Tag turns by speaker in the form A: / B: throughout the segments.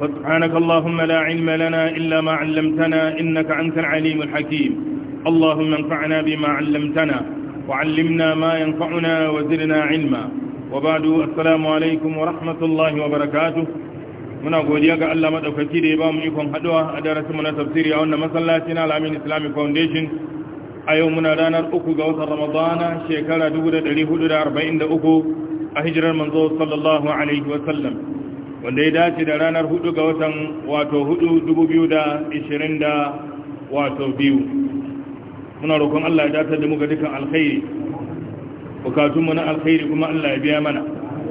A: فسبحانك اللهم لا علم لنا إلا ما علمتنا إنك أنت العليم الحكيم اللهم انفعنا بما علمتنا وعلمنا ما ينفعنا وزرنا علما وبعد السلام عليكم ورحمة الله وبركاته muna godiya ga Allah madaukaki da ya ba mu ikon haduwa a darasin mu na tafsiri a wannan masallaci na Alamin Islamic Foundation a yau muna ranar uku ga watan Ramadana shekara 1443 a hijirar manzo wanda ya dace da ranar hudu ga watan wato hudu dubu biyu da ishirin da wato biyu muna roƙon Allah ya datar da muka dukan alkhairi bukatunmu na alkhairi kuma Allah ya biya mana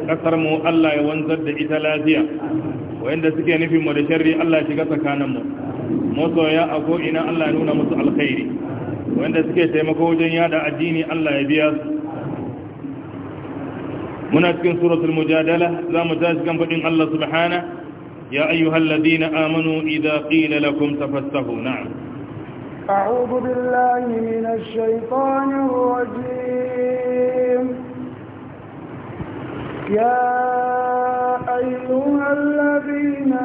A: ƙasarmu Allah ya wanzar da ita lafiya wayanda suke nufin mu da sharri Allah ya shiga tsakaninmu ya a ina Allah ya nuna musu alkhairi wayanda suke taimako wajen yada addini Allah ya biya muna cikin suratul mujadala za mu tashi kan faɗin Allah subhana ya ayyuhal ladina amanu idza qila lakum tafassahu na'am
B: a'udhu billahi minash shaitanir rajim ya ayyuhal ladina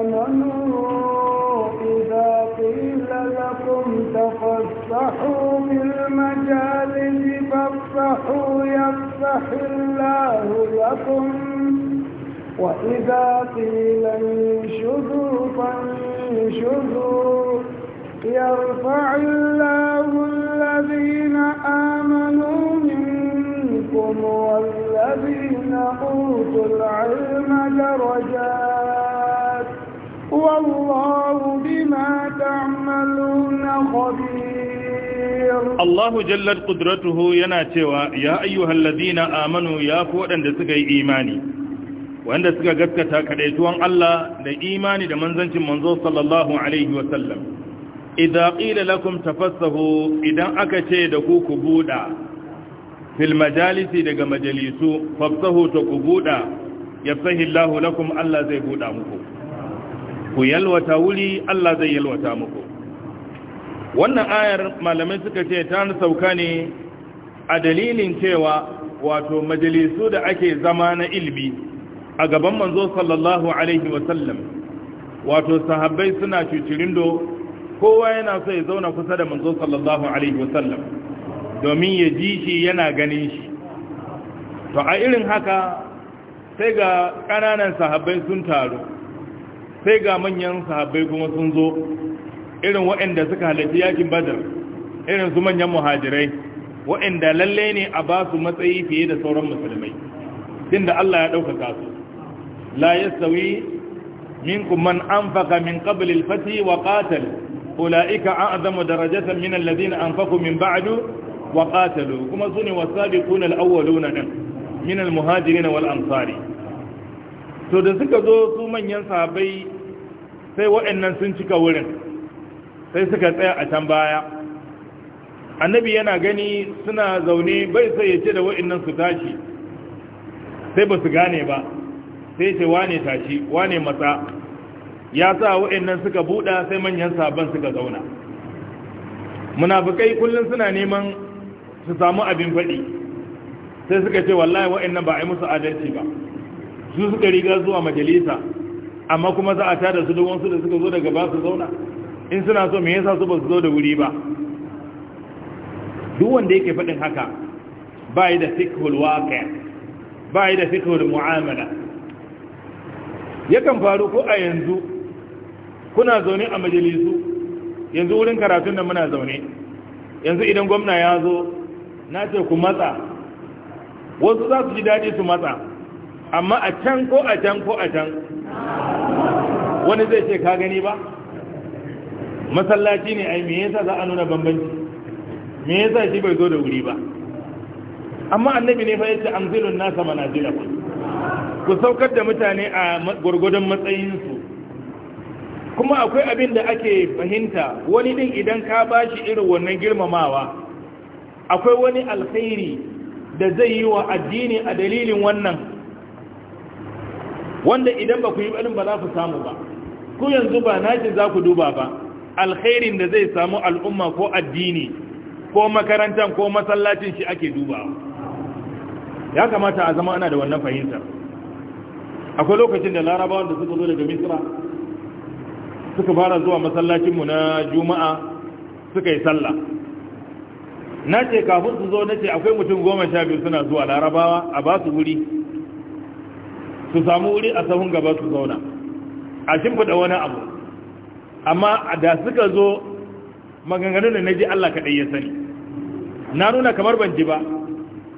B: amanu idza qila lakum tafassahu fil majalisi fafsahu yafsahu يَسْمَحِ اللَّهُ لَكُمْ وَإِذَا قِيلَ انشدوا فانشدوا يرفع الله الذين آمنوا منكم والذين أوتوا العلم درجات والله بما تعملون خبير
A: Allahu jallar ƙudratuhu yana cewa ya ayyuhan ladina amanu ya fi waɗanda suka yi imani wanda suka gaskata kaɗaituwan Allah da imani da manzancin manzo sallallahu alaihi wasallam idan ƙila lakum tafassahu idan aka ce da ku ku buɗa fil majalisi daga majalisu fafsahu ta ku buɗa yafsahillahu lakum Allah zai buɗa muku ku yalwata wuri Allah zai yalwata muku wannan ayar malamai suka ce ta sauka ne a dalilin cewa wato majalisu da ake zama na ilmi a gaban manzo sallallahu alaihi wasallam wato sahabbai suna cucirindo kowa yana so ya zauna kusa da manzo sallallahu alaihi wasallam domin ya ji shi yana ganin shi to a irin haka sai ga ƙananan sahabbai sun taru sai ga manyan sahabbai kuma sun zo irin waɗanda suka halarci yakin badar irin su manyan muhajirai waɗanda lalle ne a ba su matsayi fiye da sauran musulmai tun da Allah ya ɗaukaka su la yastawi minkum man anfaqa min qabl al-fath wa qatal ulaika a'zamu darajatan min alladhina anfaqu min ba'du wa qatalu kuma sune wasabiquna al-awwaluna min al-muhajirin wal ansari to da suka zo su manyan sahabbai sai waɗannan sun cika wurin sai suka tsaya a can baya annabi yana gani suna zaune bai sai ya ce da wa'annan su tashi sai ba su gane ba sai ce wane tashi wane matsa ya sa wa'annan suka buɗa sai manyan sabon suka zauna munafukai kullum suna neman su samu abin faɗi sai suka ce wallahi wa'annan ba a yi musu adalci ba su suka riga zuwa majalisa amma kuma za a tada su duk wasu da suka zo daga ba su zauna in suna so me yasa su ba su zo da wuri ba duk wanda yake faɗin haka ba yi da fikhul waqi'a ba yi da fikhul mu'amala yakan faru ko a yanzu kuna zaune a majalisu yanzu wurin karatun da muna zaune yanzu idan gwamna ya zo na ce ku matsa wasu za su ji daɗi su matsa amma a can ko a can ko a can wani zai ce ka gani ba masallaci ne ai me yasa za a nuna bambanci me yasa shi bai zo da wuri ba amma annabi ne fa yace amzilun nasa manazila ku saukar da mutane a matsayin matsayinsu kuma akwai abin da ake fahimta wani din idan ka bashi irin wannan girmamawa akwai wani alkhairi da zai yi wa addini a dalilin wannan wanda idan ba ku yi ba za ku samu ba ku yanzu ba naji za ku duba ba alkhairin da zai samu al'umma ko addini ko makarantar ko masallacin shi ake duba ya kamata a zama ana da wannan fahimtar akwai lokacin da larabawan da suka zo daga misra suka fara zuwa masallacinmu na juma'a suka yi sallah na ce kafin su zo na ce akwai mutum goma sha biyu suna zuwa larabawa a ba su wuri su samu wuri a sahun gaba su zauna a shimfida wani abu amma da suka zo maganganun da na ji Allah kaɗai ya sani na nuna kamar ban ji ba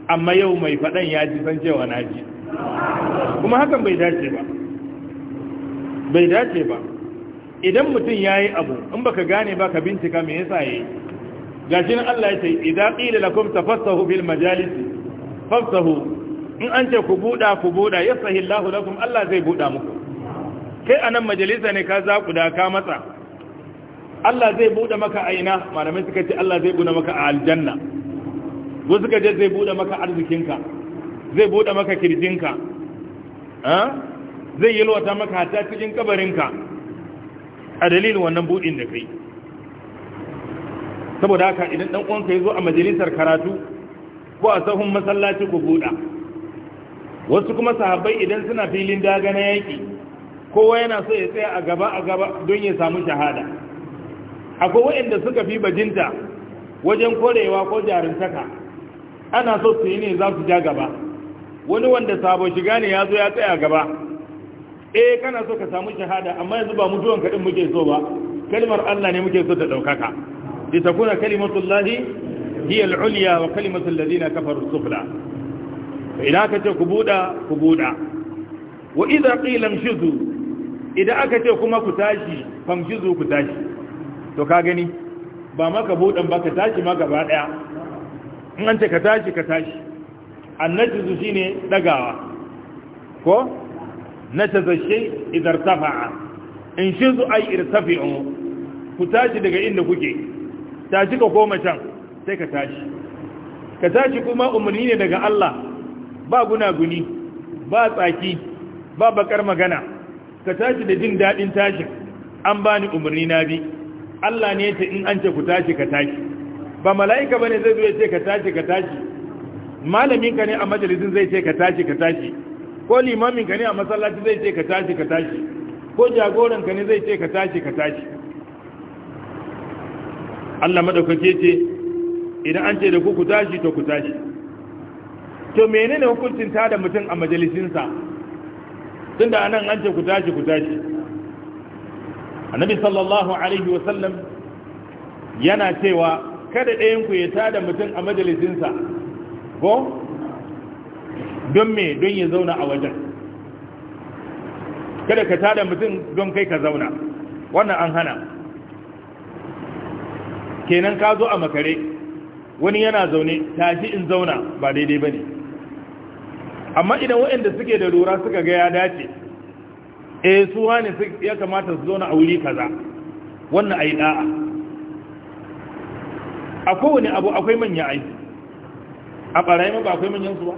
A: amma yau mai faɗan ya ji san cewa na ji kuma hakan bai dace ba bai dace ba idan mutum ya yi abu in baka gane ba ka bincika me yasa ya yi gashi nan Allah ya ce idan ƙila lakum tafassahu bil majalisi fafsahu in an ce ku buɗa ku buɗa ya sahi Allah lakum Allah zai buɗa muku kai a nan majalisa ne ka za ku da ka matsa Allah zai bude maka aina malamai suka ce Allah zai bude maka a aljanna wasu suka ce zai bude maka arzikinka zai bude maka kirjinka zai yalwata maka ta cikin kabarinka a dalilin wannan budin da kai saboda haka idan dan uwanka ya zo a majalisar karatu ko a sahun masallaci ku buda wasu kuma sahabbai idan suna filin daga na yaki kowa yana so ya tsaya a gaba a gaba don ya samu shahada akwai waɗanda suka fi bajinta wajen korewa ko jarintaka ana so su yi ne za su ja gaba wani wanda sabon shiga ne ya zo ya tsaya gaba eh kana so ka samu shahada amma yanzu ba mutuwan kaɗin muke so ba kalmar Allah ne muke so ta ɗaukaka ita kuna kalimatullahi hiya al-ulya wa kalimatun ladina kafar sufla idan aka ce ku buɗa ku buɗa wa idza qila imshizu idan aka ce kuma ku tashi famshizu ku tashi to ka gani ba maka buɗan ba ka tashi ma gaba ɗaya in an ce ka tashi ka tashi annajizu shi ne ɗagawa ko na tazashe idar tafa'a in shi zu ai in ku tashi daga inda kuke tashi ka koma can sai ka tashi ka tashi kuma umarni ne daga Allah ba gunaguni ba tsaki ba bakar magana ka tashi da jin daɗin tashin an bani umarni na bi Allah ne ce in an ce ku tashi ka tashi ba mala'ika bane zai zo ya ce ka tashi ka tashi malamin ka ne a majalisin zai ce ka tashi ka tashi ko limamin ka ne a masallaci zai ce ka tashi ka tashi ko jagoran ka ne zai ce ka tashi ka tashi Allah madaukake ce idan an ce da ku ku tashi to ku tashi to menene hukuncin ta da mutum a majalisinsa tunda anan an ce ku tashi ku tashi annabi sallallahu alaihi wasallam yana cewa kada ɗayan ku ya tada mutum a majalisinsa ko don me don ya zauna a wajen kada ka tada mutum don kai ka zauna wannan an hana kenan ka zo a makare wani yana zaune tashi in zauna ba daidai ba ne amma idan waɗanda suke da lura suka ga ya dace eh su wani ya kamata su zo na aure kaza wannan ai da'a a kowane abu akwai manya ai a barayi ma ba akwai manyan su ba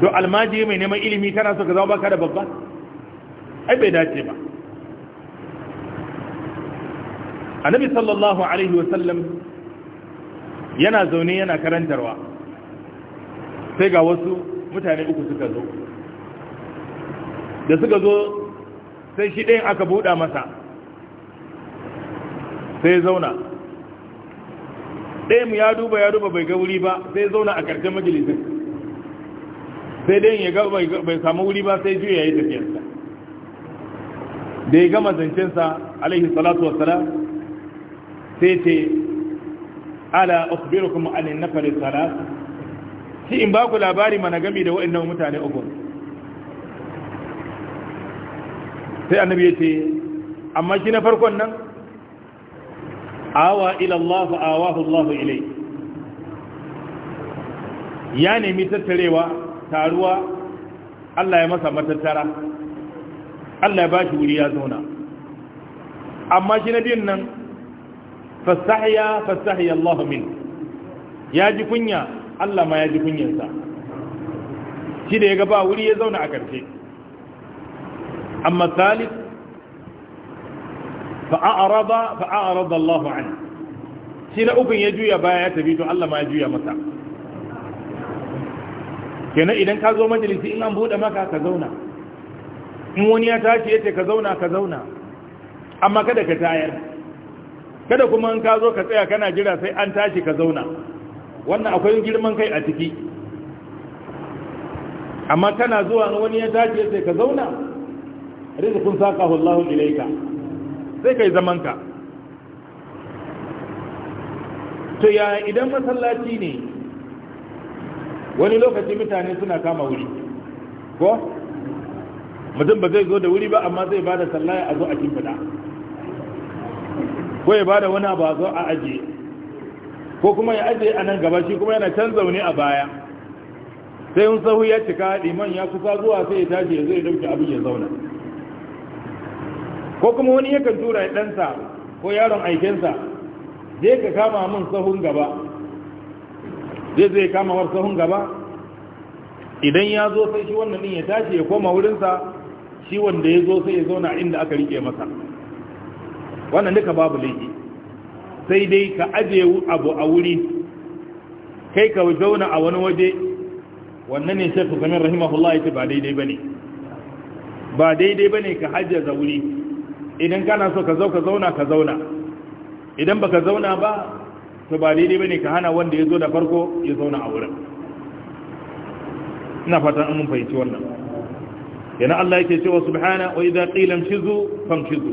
A: to almaji mai neman ilimi kana so ka zama baka da babba ai bai dace ba annabi sallallahu alaihi wasallam yana zaune yana karantarwa sai ga wasu mutane uku suka zo da suka zo sai shi ɗayan aka buɗa masa sai zauna ɗayan ya duba ya duba bai ga wuri ba sai zauna a ƙarshen majalisar sai ɗayan ya gaba bai samu wuri ba sai juya ya yi tafiyarsa da ya gama zancensa alaihi salatu Wasala sai ce ala ukhbirukum na nafar salat shi in ba ku labari mana gami da wa'annan mutane uku sai annabi ya ce amma shi na farkon nan awa ila Allah ilai ya nemi tattarewa taruwa Allah ya masa matattara Allah ya bashi wuri ya zauna amma shi na biyun nan fasahiya fasahiya Allah min ya ji kunya Allah ma ya ji kunyansa shi da ya gaba ba wuri ya zauna a ƙarshe أما الثالث فأعرض فأعرض الله عنه سينا أبن يجو يا بايا تبيتو ألا ما يجوي متى kenan idan ka zo majalisi in an buɗe maka ka zauna in wani ya tashi ya ce kada kuma in ka zo ka tsaya kana jira sai an tashi ka zauna wannan akwai girman kai a ciki amma kana zuwa wani ya tashi sai ka zauna rizikun saka Allahu ilaika. sai kai zaman ka to ya idan masallaci ne wani lokaci mutane suna kama wuri ko mutum ba zai zo da wuri ba amma zai bada sallaya a zo a kimfida ko ya bada wani ba zo a ajiye ko kuma ya ajiye a nan gaba shi kuma yana can zaune a baya sai un sahu ya cika liman ya kusa zuwa sai ya tashi ya zai dauki abin ya zauna ko kuma wani yakan tura ɗansa ko yaron aikensa zai ka kama min sahun gaba zai zai kama war sahun gaba idan ya zo sai shi wannan ɗin ya tashi ya koma wurinsa shi wanda ya zo sai ya zauna inda aka rike masa wannan duka babu laifi sai dai ka aje abu a wuri kai ka zauna a wani waje wannan ne shekhu kamar rahimahullah ya ce ba daidai ba ne ba daidai ba ne ka hajjaza wuri idan kana so ka zo ka zauna ka zauna idan baka zauna ba to ba daidai bane ka hana wanda ya zo da farko ya zauna a wurin ina fatan an mun fahimci wannan yana Allah yake cewa subhana wa idza qila amshizu famshizu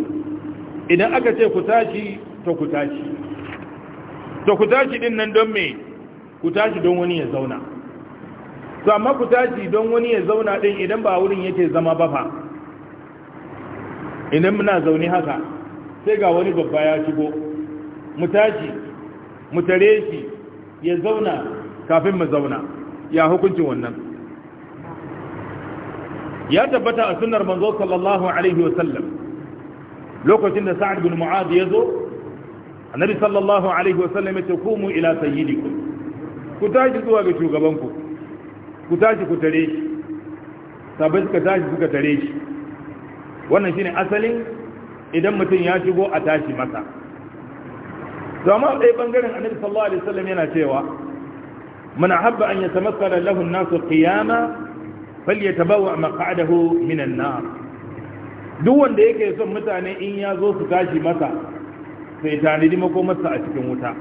A: idan aka ce ku tashi to ku tashi to ku tashi din nan don me ku tashi don wani ya zauna to amma ku tashi don wani ya zauna din idan ba wurin yake zama ba fa idan muna zaune haka sai ga wani babba ya shigo mu tashi mu tare shi ya zauna kafin mu zauna ya hukuncin wannan ya tabbata a sunnar manzo sallallahu alaihi wasallam lokacin da sa'ad bin mu'ad ya zo annabi sallallahu alaihi wasallam ya ce kumu ila sayyidikum ku tashi zuwa ga shugabanku ku tashi ku tare shi sabai suka tashi suka tare shi wannan shine asalin idan mutum ya shigo a tashi masa zama ɗaya ɓangaren annabi sallallahu alaihi wasallam yana cewa muna habba an yatamassala lahu an-nasu qiyama falyatabawa maq'adahu min an-nar duk wanda yake son mutane in ya zo su tashi masa sai tanadi makomarsa a cikin wuta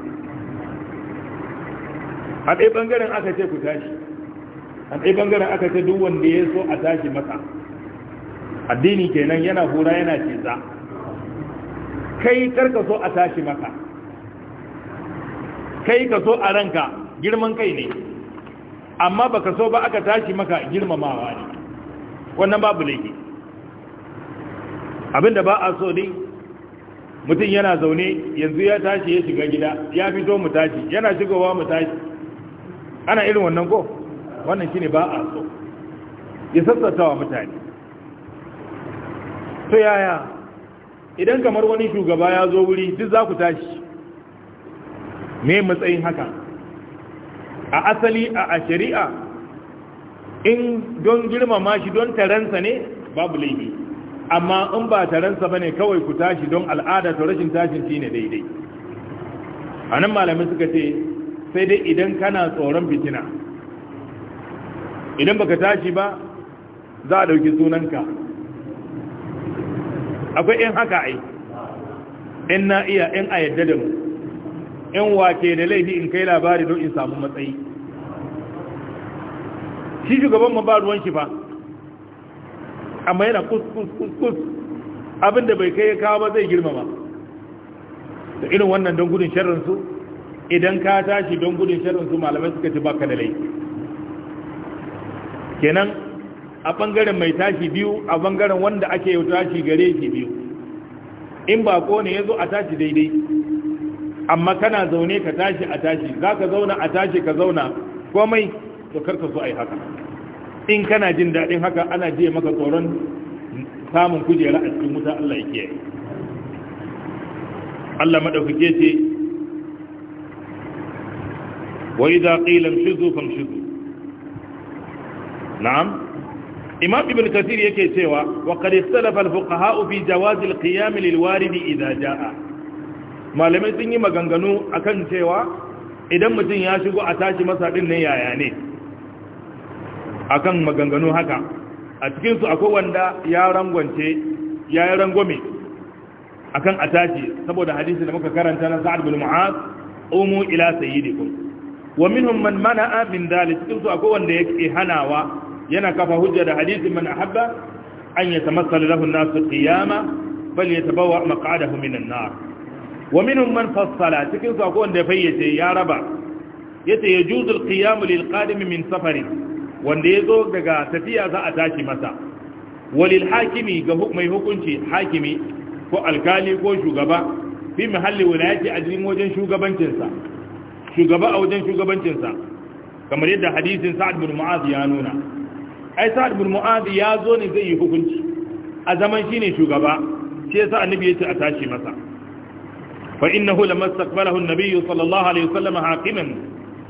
A: a ɗaya ɓangaren aka ce ku tashi a ɗaya ɓangaren aka ce duk wanda ya so a tashi masa addini kenan yana hura yana ciza kai karka so a tashi maka kai ka so a ranka girman kai ne amma baka so ba aka tashi maka girmamawa ne wannan babu laifi abinda ba a so ne mutum yana zaune yanzu ya tashi ya shiga gida ya fito mu tashi yana shigowa mu tashi ana irin wannan ko wannan shine ba a so ya sassatawa mutane to yaya idan kamar wani shugaba ya zo wuri duk za ku tashi me matsayin haka a asali a shari'a in don girmama shi don taransa ne babu laifi amma in ba taransa ba ne kawai ku tashi don al'ada ta rashin tashin shi ne daidai a nan malamai suka ce sai dai idan kana tsoron fitina idan baka tashi ba za a ɗauki sunanka akwai in haka ai in na iya in a yadda da mu in wake da laifi in kai labari don in samu matsayi shi shugaban ma ba ruwan shi ba amma yana kus kus kus kus abinda bai kai ya kawo ba zai girmama da irin wannan don gudun su, idan ka tashi don gudun su, malamai suka ci baka da laifi kenan a bangaren mai tashi biyu a bangaren wanda ake yau tashi gare shi biyu in bako ne ya zo a tashi daidai amma kana zaune ka tashi a tashi za ka zauna a tashi ka zauna komai to karka so a yi haka in kana jin daɗin haka ana jiye maka tsoron samun kujera a cikin wuta Allah ya kiyaye Allah maɗaukake ce wa idza qila amshuzu famshuzu na'am imam ibn kathir yake cewa wa qad istalafa al-fuqaha fi jawaz al-qiyam lil-warid idha jaa malamai sun yi maganganu akan cewa idan mutum ya shigo a tashi masa din ne yaya ne akan maganganu haka a cikin su akwai wanda ya rangwance ya yi rangwame akan a tashi saboda hadisi da muka karanta na sa'ad bin mu'az umu ila sayyidikum wa minhum man mana'a min dalil cikin su akwai wanda yake hanawa yana kafa hujja da hadisin man ahabba an yatamassala lahu an-nasu qiyama falyatabawwa maq'adahu minan nar wa minhum man fassala cikin su akwai wanda ya fayyace ya raba yace ya qiyam lil qadim min safari wanda yazo daga tafiya za a tashi masa walil hakimi ga mai hukunci hakimi ko alkali ko shugaba fi mahalli wilayati a wajen shugabancinsa shugaba a wajen shugabancinsa kamar yadda hadisin sa'ad bin mu'az ya nuna ai sa'ad bin mu'adh ya zo ne zai yi hukunci a zaman shine shugaba shi yasa annabi ce a tashi masa fa innahu lamma istaqbalahu an-nabiy sallallahu alaihi wasallam hakiman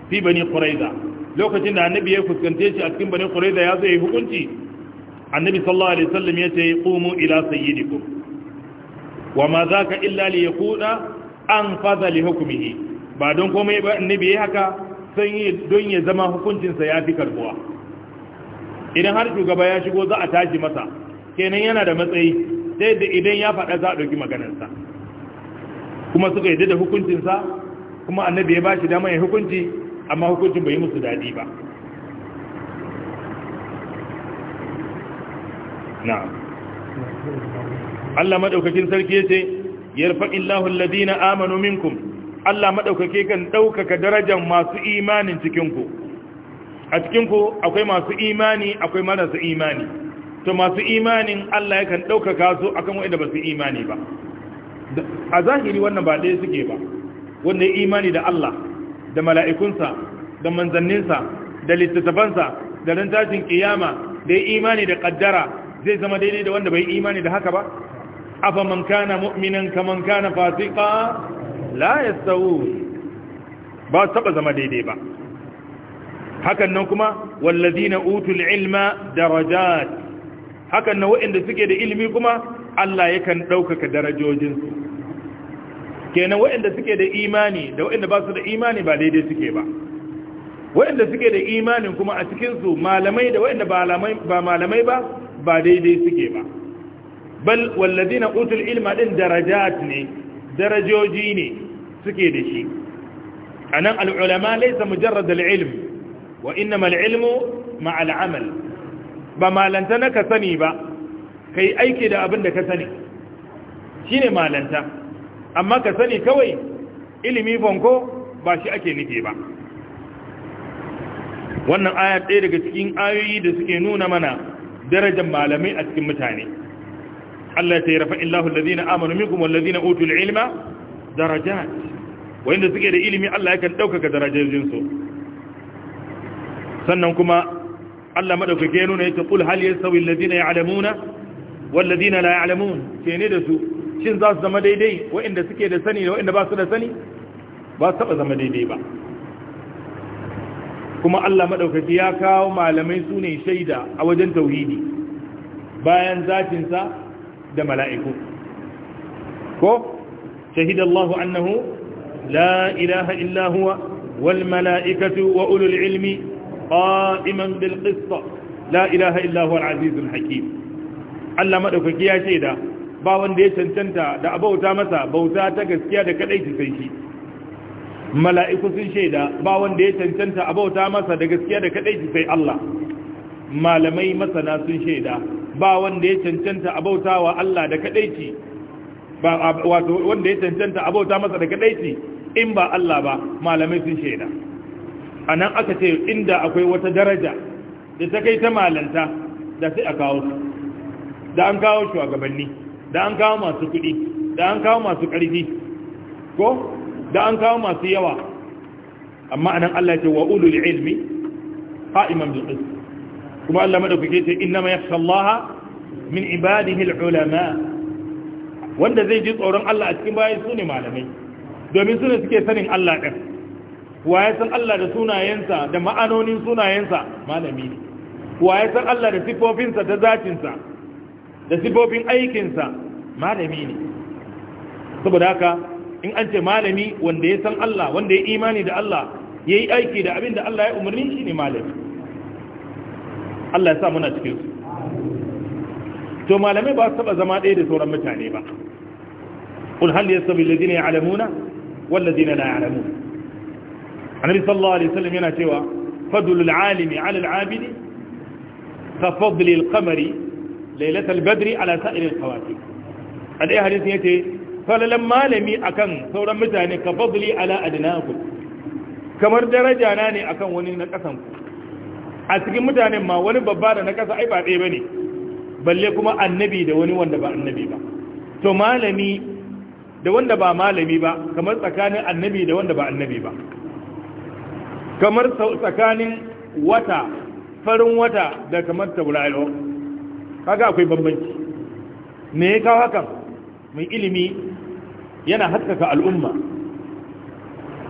A: fi bani quraiza lokacin da annabi ya fuskante shi a cikin bani quraiza ya zo yi hukunci annabi sallallahu alaihi wasallam yace qumu ila sayyidikum wa ma zaka illa li yakuna anfadha li hukmihi ba don komai ba annabi yayi haka sai don ya zama hukuncinsa ya fi karbuwa idan har shugaba ya shigo za a tashi masa kenan yana da matsayi sai da idan ya faɗa za a ɗauki maganarsa kuma suka yi da hukuncinsa kuma annabi ya ba shi damar hukunci amma hukuncin bai yi musu daɗi ba na Allah maɗaukakin sarki ya ce yarfa'in lahun ladina amanu minkum Allah maɗaukake kan ɗaukaka darajar masu imanin cikinku a cikinku akwai masu imani akwai marasa imani to masu imanin Allah yakan ɗaukaka su akan waɗanda ba su imani ba a zahiri wannan ba ɗaya suke ba wanda ya imani da Allah da mala'ikunsa da manzanninsa da littattafansa da ran tashin kiyama da ya imani da ƙaddara zai zama daidai da wanda bai imani da haka ba afa man kana mu'minan man kana fasika la yastawu ba taɓa zama daidai ba hakan nan kuma wallazina utul ilma darajat hakan nan waɗanda suke da ilimi kuma Allah yakan ɗaukaka darajojinsu kenan waɗanda suke da imani da waɗanda ba su da imani ba daidai suke ba waɗanda suke da imanin kuma a cikinsu malamai da waɗanda ba malamai ba ba daidai suke ba bal wallazina utul ilma din darajat ne darajoji ne suke da shi anan al-ulama laysa mujarrad al-ilm wa innamal ilmu ma'al ba malanta na ka sani ba yi aiki da abin da ka sani shine malanta amma ka sani kawai ilimi banko ba shi ake nufi ba wannan aya ɗaya daga cikin ayoyi da suke nuna mana darajar malamai a cikin mutane Allah ya rafa illahu allazina amanu minkum wallazina utul ilma darajat wanda suke da ilimi Allah yakan ɗaukaka darajojin sannan kuma Allah madaukake ya nuna yake kul hal yasawi alladhina ya'lamuna wal ladina la ya'lamun ce ne da su shin za su zama daidai waɗanda suke da sani da waɗanda ba su da sani ba su taba zama daidai ba kuma Allah madaukake ya kawo malamai sune shaida a wajen tauhidi bayan sa da mala'iku ko shahidallahu annahu la ilaha illa huwa wal mala'ikatu wa ulul ilmi قائما بالقسط لا إله إلا هو العزيز الحكيم الله مدفك يا شيدا ba wanda ya cancanta da abauta masa bauta ta gaskiya da kadai shi sai shi mala'iku sun shaida ba wanda ya cancanta abauta masa da gaskiya da kadai shi sai Allah malamai masana sun shaida ba wanda ya cancanta abautawa Allah da kadai shi ba wato wanda ya cancanta abauta masa da kadai shi in ba Allah ba malamai sun shaida a nan aka ce inda akwai wata daraja da ta kai ta malanta da sai a kawo su da an kawo shugabanni da an kawo masu kuɗi da an kawo masu ƙarfi ko da an kawo masu yawa amma a nan Allah ce wa ulul ilmi qa'iman bil qist kuma Allah madaukake ce inna ma yakhsha Allah min ibadihi al ulama wanda zai ji tsoron Allah a cikin bayan su ne malamai domin su ne suke sanin Allah din wa ya san Allah da sunayensa da ma'anonin sunayensa malami ne wa ya san Allah da sifofinsa da zatinsa da sifofin aikinsa malami ne saboda haka in an ce malami wanda ya san Allah wanda ya imani da Allah ya yi aiki da abin da Allah ya umarni shi ne malami Allah ya sa muna cikinsu to malamai ba su taɓa zama ɗaya da sauran mutane ba ƙulhal ya sabi lalzina ya alamuna wallazina na ya alamuna annabi sallallahu alaihi wasallam yana cewa fadlul alimi ala alabidi ka fadli alqamari lailatul badri ala sa'ir alqawati adai hadisi yace falalan malami akan sauran mutane ka fadli ala adnakum kamar daraja na ne akan wani na kasan ku a cikin mutane ma wani babba da na kasa ai ba ɗaya bane balle kuma annabi da wani wanda ba annabi ba to malami da wanda ba malami ba kamar tsakanin annabi da wanda ba annabi ba kamar tsakanin wata farin wata da kamar tauraro kaga akwai bambanci me ya kawo hakan mai ilimi yana haskaka al'umma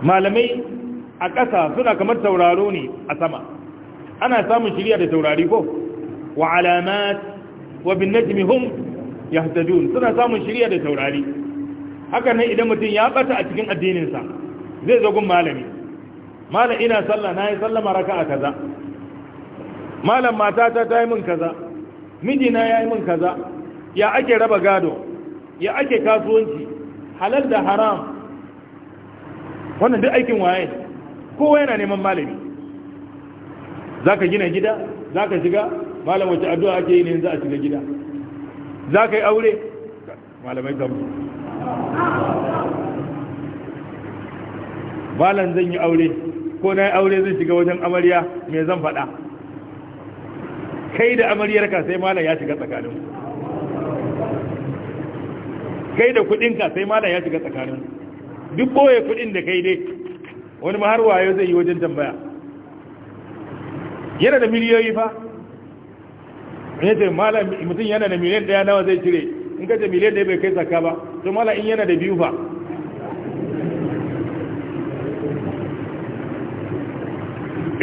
A: malamai a ƙasa suna kamar tauraro ne a sama ana samun shirya da taurari ko wa alamat wa bin najmi hum yahtadun suna samun shirya da taurari haka nan idan mutum ya bata a cikin addinin sa zai zo malami malam ina sallah na yi maraka a kaza malam matata ta yi min kaza mijina ya yi min kaza ya ake raba gado ya ake kasuwanci halal da haram wannan duk aikin waye kowa yana neman malami zaka gina gida zaka shiga malam wace addu'a ake yi ne za a shiga gida zaka yi aure malamai zamu malam zan yi aure ko na aure zai shiga wajen amarya me zan faɗa kai da amaryarka sai malam ya shiga tsakanin kai da kuɗinka sai malam ya shiga tsakanin duk ɓoye kuɗin da kai dai wani ma wayo zai yi wajen tambaya yana da miliyoyi fa ne ce malam mutum yana da miliyan ɗaya nawa zai cire in ka ce miliyan ɗaya bai kai saka ba to malam in yana da biyu fa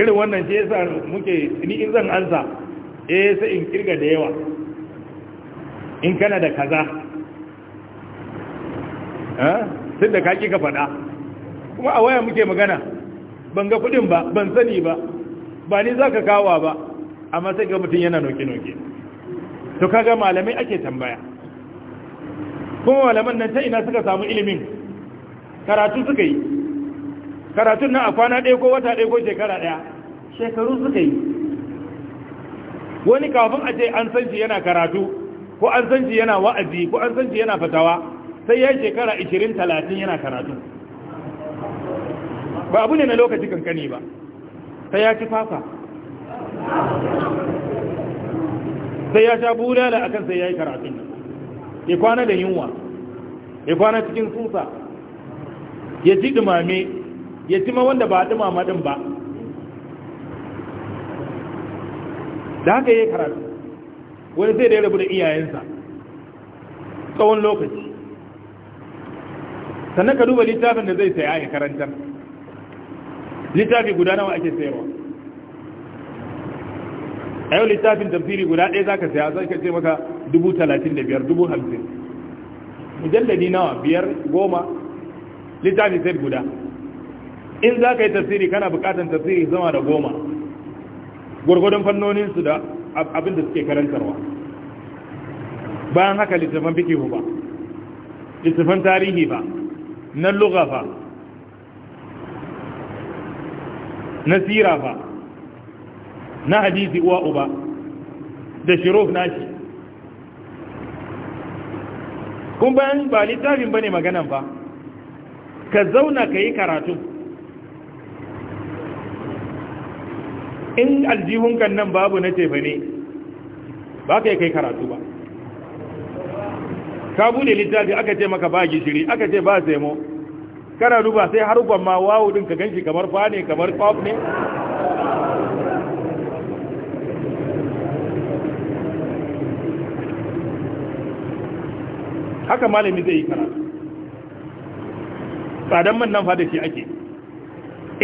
A: irin wannan shi yasa muke ni in zan ansa eh sai in kirga da yawa in kana da kaza eh tun da kake ka faɗa kuma a waya muke magana ban ga kuɗin ba ban sani ba ba ni za ka kawa ba amma sai ga mutum yana noke-noke to kaga malamai ake tambaya kuma malaman nan ta ina suka samu ilimin karatu suka yi karatun na a kwana ɗaya ko wata ɗaya ko shekara ɗaya shekaru suka yi wani kafin a ce an san shi yana karatu ko an san shi yana wa'azi ko an san shi yana fatawa sai ya shekara 20 30 yana karatu ba abu ne na lokaci kankani ba sai ya ci fafa sai ya sha bulala akan sai ya yi karatun ya kwana da yunwa ya kwana cikin tsusa ya ji dumame ya ci ma wanda ba a dumama din ba da haka ya karatu wani sai da ya rabu da iyayensa tsawon lokaci sannan ka duba littafin da zai saya a karantar littafi guda nawa ake sayarwa a yau littafin tafsiri guda ɗaya za ka saya za ka ce maka dubu talatin da biyar dubu hamsin mujalladi nawa biyar goma littafi sai guda in za ka yi tasiri kana bukatan tasiri zama da goma gwargwadon fannoninsu da abin da suke karantarwa bayan haka littafan fikihu ba littafan tarihi ba na lugha ba na tsira ba na hadisi uwa uba da shirof nashi kun bayan ba littafin ba ne maganan ba ka zauna ka yi karatun in aljihun kan nan babu na tefa ne ba ka yi kai karatu ba ka bude littafi aka ce maka ba gishiri aka ce ba saimo kana duba sai harkon ma wawo din ka ganshi kamar fa ne kamar kwaf ne haka malami zai yi karatu tsadan man nan fa da shi ake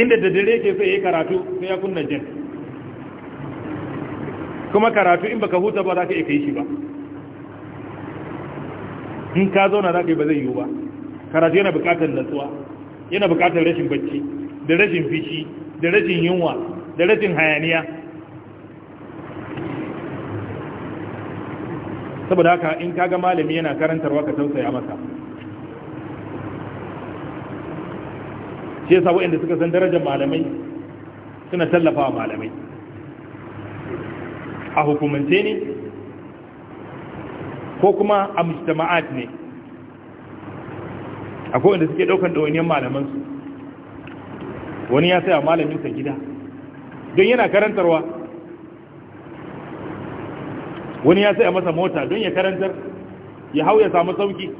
A: inda da dare ke sai ya karatu sai ya kunna jan kuma karatu in baka huta ba za ka iya kai shi ba in ka zauna za ka ba zai yiwu ba karatu yana bukatar natsuwa yana bukatar rashin bacci da rashin fishi da rashin yunwa da rashin hayaniya saboda haka in ka ga malami yana karantarwa ka tausaya masa shi yasa waɗanda suka san darajar malamai suna tallafa wa malamai a hukumance ne ko kuma a mujtama'at ne akwai wanda suke daukan ɗawainiyar malamansu wani ya saya malaminsa gida don yana karantarwa wani ya saya masa mota don ya karantar ya hau ya samu sauki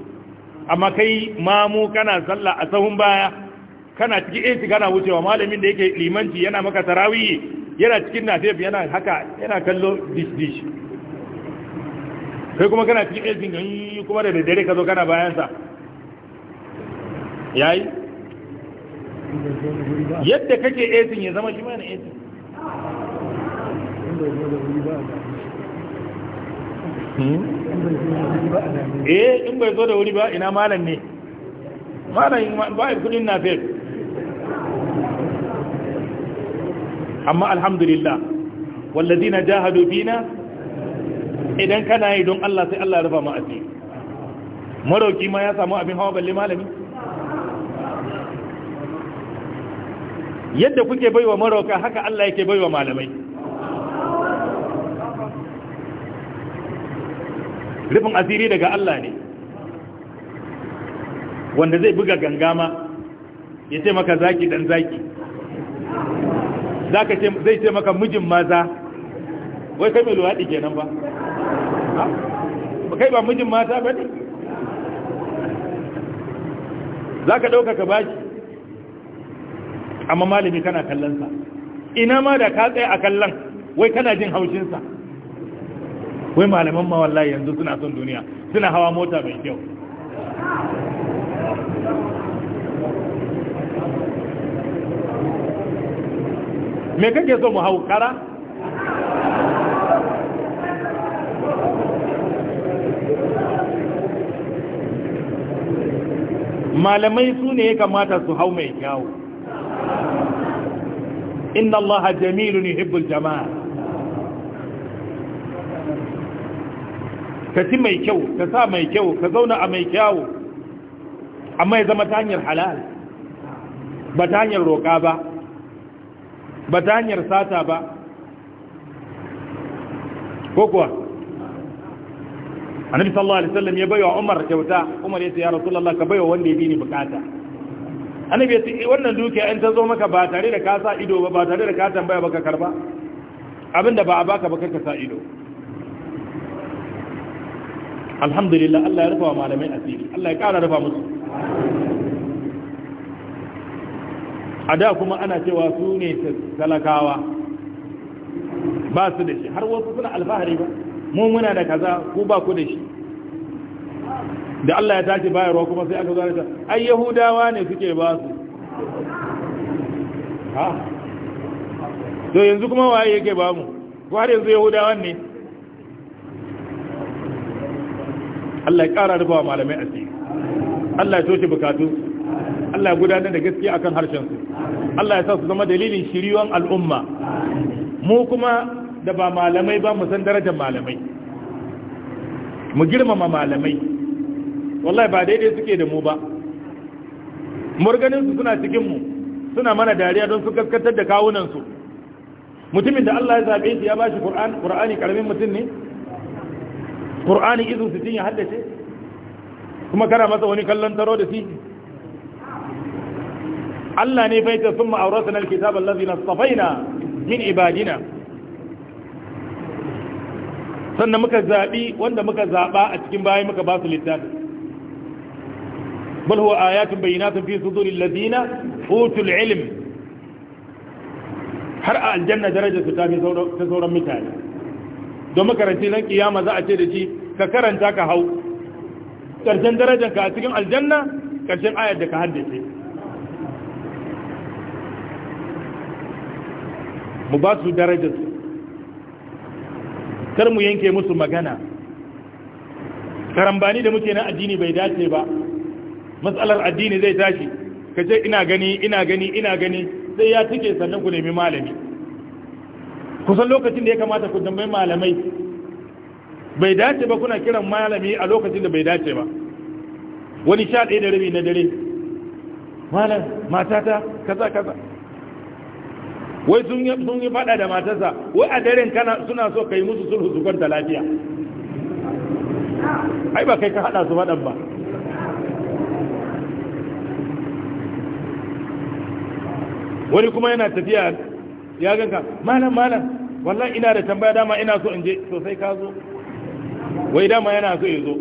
A: amma kai mamu kana sallah a sahun baya kana ciki shiga kana wucewa malamin da yake limanci yana maka tarawiyi yana cikin nafef yana haka yana kallo dish dish kai kuma kana cikin elfin yi kuma da daddare ka zo kana bayansa yayi yadda kake elfin ya zama shi mana elfin eh in bai zo da wuri ba ina malam ne malam ba kudin nafef amma alhamdulillah wallazina jahadu fina idan kana yi don Allah sai Allah rufa mu asiri marauki ma ya samu abin hawa balle malami yadda kuke baiwa marauka haka Allah yake baiwa malamai rufin asiri daga Allah ne wanda zai buga gangama ya ce maka zaki dan zaki zaka ce zai ce maka mijin maza wai kai mai luwaɗi kenan ba kai ba mijin mata ba ne za ka ɗauka ka baki amma malami kana kallonsa ina ma da ka tsaye a kallon wai kana jin haushinsa wai malaman ma wallahi yanzu suna son duniya suna hawa mota mai kyau me kake so mu hau kara malamai su ne ya kamata su hau mai kyawu inna allaha jamilu ne hibbul jama'a ka ci mai kyau ka sa mai kyau ka zauna a mai kyawu amma ya zama ta hanyar halal ba ta hanyar roƙa ba ba ta hanyar sata ba ko kuwa annabi sallallahu alaihi wasallam ya baiwa Umar kyauta Umar ya ce ya Rasulullah ka baiwa wanda ya bi ni bukata annabi ya ce eh, wannan dukiya in ta zo maka ba tare da ka sa ido ba ba tare da ka tambaya ba ka karba abinda ba a baka ba ka sa ido alhamdulillah Allah ya rufa wa malamai asiri Allah ya kara rufa musu a da kuma ana cewa su ne talakawa ba su da shi har wasu suna alfahari ba mu muna da kaza ku ba ku da shi da Allah ya tashi bayarwa kuma sai aka zara ta ai yahudawa ne suke ba su
C: ha to yanzu
A: kuma waye yake ba mu ko har yanzu yahudawan ne Allah ya kara rubawa malamai asiri Allah ya toshe bukatu Allah ya gudanar da gaskiya akan harshen su Allah ya sa su zama dalilin shiriyon al'umma mu kuma da ba malamai ba mu san darajar malamai mu girmama malamai wallahi ba daidai suke da mu ba murganin su suna cikin mu suna mana dariya don su gaskatar da kawunan su mutumin da Allah ya zabe shi ya bashi Qur'an Qur'ani karamin mutum ne Qur'ani izu su ya haddace kuma kana masa wani kallon taro da shi Allah ne fa faita sun ma'auratun alkitab allazi na safaina jin ibadina sannan muka zaɓi wanda muka zaɓa a cikin bayan muka ba su littafi bal huwa ayatun bayyinatun fi suduril ladina utul ilm har a aljanna daraja su tafi ta sauran mutane don makaranci nan kiyama za a ce da shi ka karanta ka hau ƙarshen darajar ka a cikin aljanna ƙarshen ayar da ka haddace mu ba su su kar mu yanke musu magana karambani da muke na addini bai dace ba matsalar addini zai tashi ka ce ina gani ina gani ina gani sai ya tike sannan ku nemi malami kusan lokacin da ya kamata ku dambai malamai bai dace ba kuna kiran malami a lokacin da bai dace ba wani sha ɗaya da rabi na dare malam matata kaza kaza wai sun yi fada da matarsa wai a daren kana suna so kai musu sulhu su kwanta lafiya ai ba kai ka hada su fadan ba wani kuma yana tafiya ya ganka malam malam wallahi ina da tambaya dama ina so in je Sosai sai ka zo wai dama yana so ya zo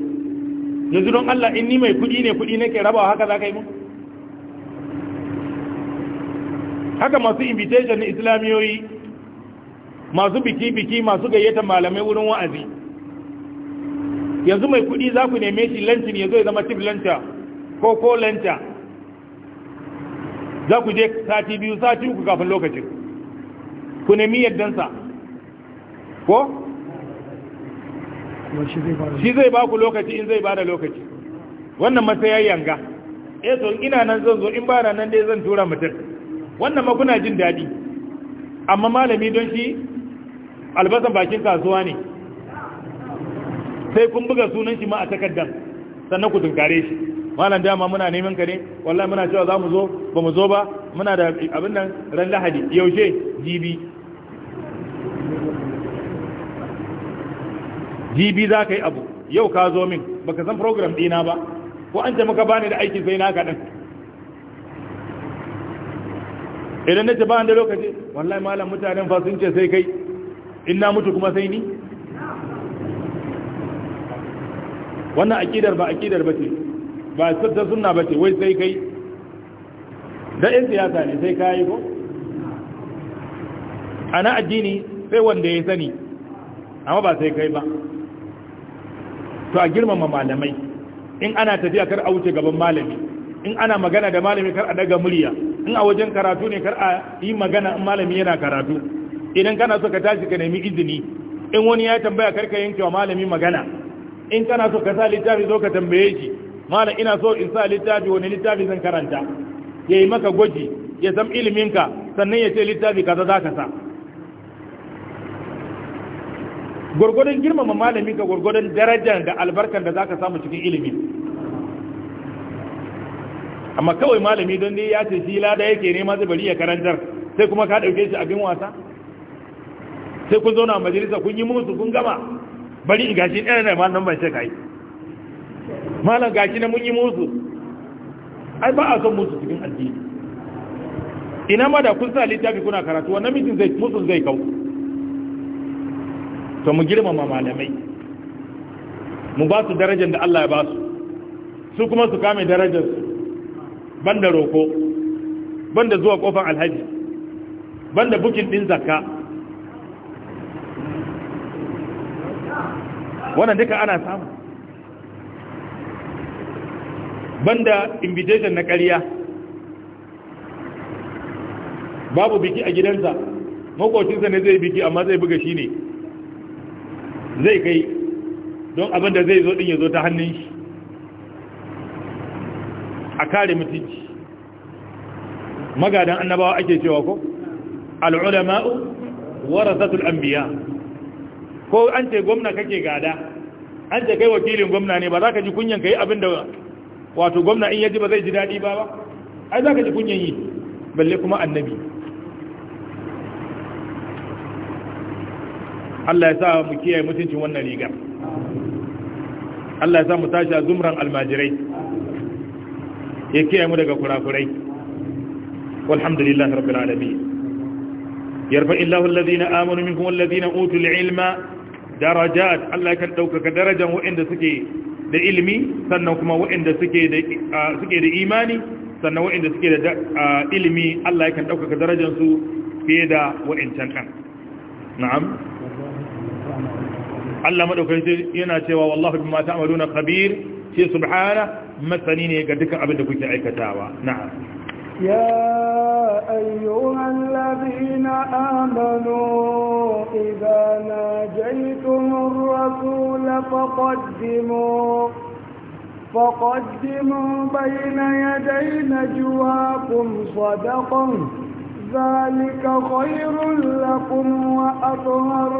A: yanzu don Allah in ni mai kudi ne kudi nake rabawa haka za ka yi mu haka masu invitation na islamiyoyi masu biki-biki masu gayyata malamai wurin wa'azi yanzu mai kudi za ku neme shi lancin ya zo ya zama tip lanta ko ko lanta za ku je sati biyu sati uku kafin lokacin ku nemi yaddansa ko? shi zai ba ku lokaci in zai ba da lokaci wannan matsayar yanga eh ina nan zan zo in ba nan dai zan tura mutum wannan ma kuna jin daɗi amma malami don shi albasan bakin kasuwa ne sai kun buga sunan shi ma a takardan sannan ku tunkare shi malam dama muna neman ka ne wallahi muna cewa za mu zo ba mu zo ba muna da abin nan ran lahadi yaushe jibi jibi za ka yi abu yau ka zo min baka san program dina ba ko an ce muka bani da aikin sai na kaɗan. idan na ce ba da lokaci wallahi malam mutanen fa sun ce sai kai in na mutu kuma sai ni wannan akidar ba akidar ba ce ba sadda sunna ba ce wai sai kai da yan siyasa ne sai kayi ko ana addini sai wanda ya sani amma ba sai kai ba to a girmama malamai in ana tafiya kar a wuce gaban malami in ana magana da malami kar a daga murya in a wajen karatu ne kar a yi magana in malami yana karatu idan kana so ka tashi ka nemi izini in wani ya tambaya kar ka yanke wa malami magana in kana so ka sa littafi zo ka tambaye shi malam ina so in sa littafi wani littafi zan karanta ya yi maka gwaji ya san iliminka sannan ya ce littafi kaza za ka sa gwargwadon girmama malamin ka gwargwadon darajar da albarkar da za ka samu cikin ilimin amma kawai malami don dai ya ce shi lada yake nema zai bari ya karantar sai kuma ka ɗauke shi abin wasa sai kun zauna majalisa kun yi musu kun gama bari gashi ɗaya na malam ban ce kai malam gashi na mun yi musu ai ba a son musu cikin addini ina ma da kun sa littafi kuna karatu wannan mijin zai musu zai kau to mu girmama malamai mu ba su darajar da Allah ya ba su su kuma su kame darajar su banda roko banda zuwa kofar alhaji banda bukin din zakka wannan duka ana samu banda invitation na ƙarya babu biki a gidansa makocinsa ne zai biki amma zai buga shi ne zai kai don abinda zai zo din ya zo ta hannun shi a kare mutunci magadan annabawa ake cewa ko al'ulama'u warasatul anbiya ko an ce gwamna kake gada an ce kai wakilin gwamna ne ba za ka ji kunyan ka yi abin da wato gwamna in yaji ba zai ji daɗi ba ba ai za ka ji kunyan yi balle kuma annabi Allah ya sa mu kiyaye mutuncin wannan rigar Allah ya sa mu tashi a zumran almajirai ya kiyaye mu daga kurakurai walhamdulillahi rabbil alamin yarfa illahu alladhina amanu minkum walladhina utul ilma darajat Allah kan daukaka darajar waɗanda suke da ilimi sannan kuma waɗanda suke da suke da imani sannan waɗanda suke da ilimi Allah kan daukaka darajar su fiye da waɗancan kan na'am Allah madaukakin yana cewa wallahu bima ta'maluna khabir shi subhana masani ne ga dukkan abin da kuke aikatawa na'am
B: يا أيها الذين آمنوا إذا ناجيتم الرسول فقدموا فقدموا بين يدي نجواكم صدقا ذلك خير لكم وأطهر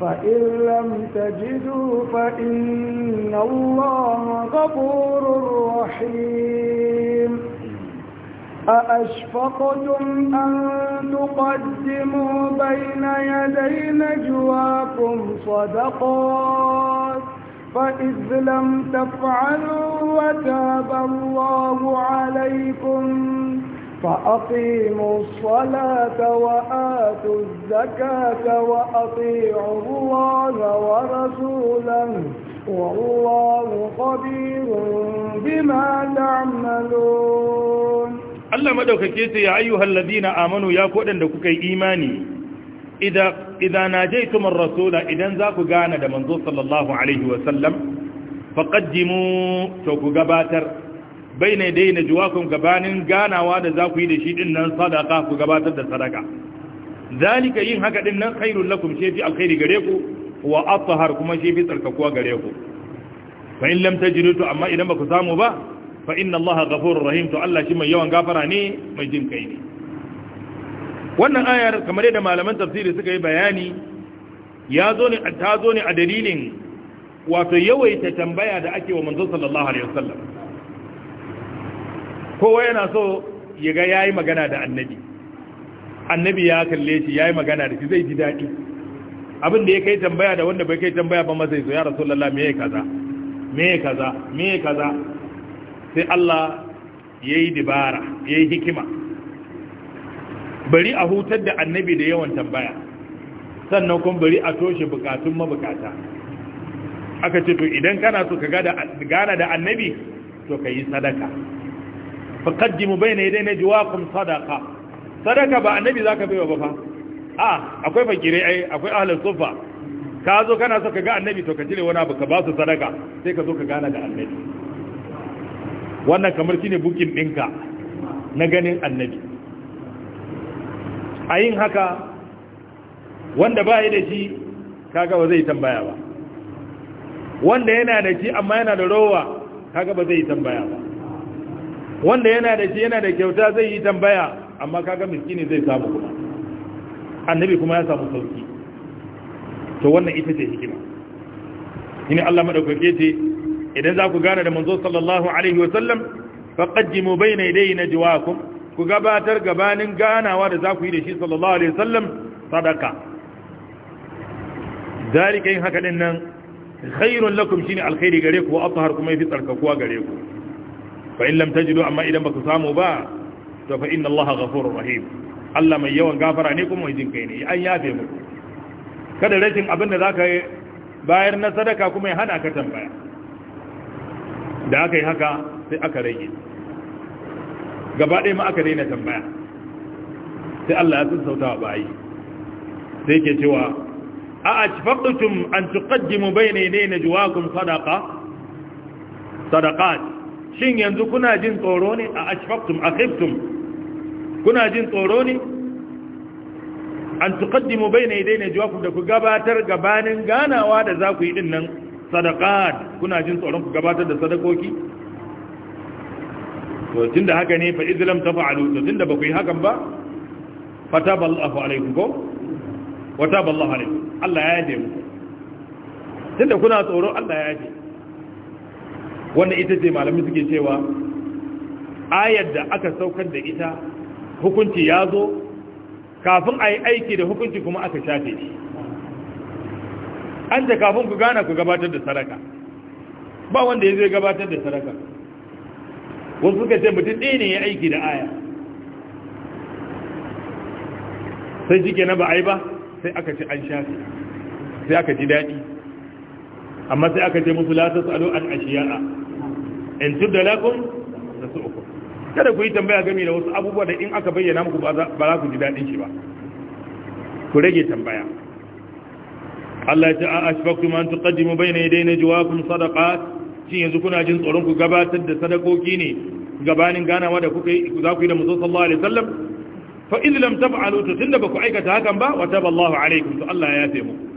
B: فإن لم تجدوا فإن الله غفور رحيم أأشفقتم أن تقدموا بين يدي نجواكم صدقات فإذ لم تفعلوا وتاب الله عليكم فأقيموا الصلاة وآتوا الزكاة وأطيعوا الله ورسوله والله خبير بما تعملون
A: الله ما دوك يا أيها الذين آمنوا يا كودا دوكك إيماني إذا, إذا ناجيتم الرسول إذا انزاك قانا دمنظور صلى الله عليه وسلم فقدموا توك قباتر bai ne dai na juwakun gabanin ganawa da za ku yi da shi ɗin nan sadaka ku gabatar da sadaka zalika yin haka ɗin nan khairul lakum shi fi alkhairi gare ku wa athhar kuma shi fi tsarkakuwa gare ku fa in lam tajidu to amma idan baku samu ba fa inna allaha ghafurur rahim to Allah shi mai yawan gafara ne mai jin kai ne wannan ayar kamar yadda malaman tafsiri suka yi bayani ya zo ne ta zo ne a dalilin wato yawaita tambaya da ake wa manzo sallallahu alaihi wasallam kowa yana so ya ga yayi magana da annabi annabi ya kalle shi yayi magana da shi zai ji dadi abin da ya kai tambaya da wanda bai kai tambaya ba masa yaso ya rasulullahi me kaza me kaza me kaza sai Allah yayi dibara yayi hikima bari a hutar da annabi da yawan tambaya sannan kuma bari a toshe bukatun mabukata aka ce to idan kana so ka gana da annabi to ka yi sadaka faqaddimu bayna yadayna jawakum sadaqa sadaka ba annabi zaka baiwa ba fa a akwai fakire ai akwai ahlus sufa ka zo kana so ka ga annabi to ka jire wani abu ka ba su sadaka sai ka zo ka gana da annabi wannan kamar shine bukin dinka na ganin annabi a yin haka wanda ba da shi kaga ba zai tambaya ba wanda yana da shi amma yana da rowa kaga ba zai tambaya ba wanda yana da shi yana da kyauta zai yi tambaya amma kaga miskini zai samu kuma annabi kuma ya samu sauki to wannan ita ce hikima shine Allah madaukake ce idan za ku gane da manzo sallallahu alaihi wasallam faqaddimu bayna yadayhi najwaakum ku gabatar gabanin ganawa da za ku yi da shi sallallahu alaihi wasallam sadaka zalika yin haka din nan khairun lakum shine alkhairi gare ku wa athhar kuma yafi tsarkakuwa gare ku Fa'in in lam tajidu amma idan ba ku samu ba to fa'in inna allaha ghafurur rahim Allah mai yawan gafara ne kuma mai jin kai ne an yafe mu kada rashin abin da ka bayar na sadaka kuma ya hana ka tambaya da aka yi haka sai aka rage gaba ɗaya ma aka daina tambaya sai Allah ya tsautawa bayi sai ke cewa a ajfaqtum an mu ne bayna yadayn najwaakum sadaqa sadaqat shin yanzu kuna jin tsoro ne a ashfaqtum akhiftum kuna jin tsoro ne an tuqaddimu bayna yadayna jawakum da ku gabatar gabanin ganawa da za ku yi din nan sadaqat kuna jin tsoron ku gabatar da sadakoki to tunda haka ne fa izlam taf'alu to tunda ba ku yi hakan ba fataballahu alaykum ko wataballahu alaykum Allah ya yaje mu tunda kuna tsoro Allah ya yaje wanda ita ce malami suke cewa ayar da aka saukar da ita hukunci ya zo kafin a yi aiki da hukunci kuma aka shafe shi an ta kafin ku gana ku gabatar da saraka ba wanda ya zai gabatar da saraka wasu suka ce mutum ɗaya ne ya aiki da aya sai shi na ba a yi ba sai aka ci an shafe sai aka ji daɗi amma sai aka ce musu la tasalu an ashiya'a in tudda su uku kada ku yi tambaya game da wasu abubuwa da in aka bayyana muku ba za ku ji daɗin shi ba ku rage tambaya Allah ya ce a ashfaqtum an tuqaddimu bayna yaday najwaakum sadaqat shin yanzu kuna jin tsoron ku gabatar da sadakoki ne gabanin ganawa da kuka yi za ku yi da musu sallallahu alaihi wasallam fa in lam taf'alu tunda ba ku aikata hakan ba wa taballahu alaikum to Allah ya taimaka.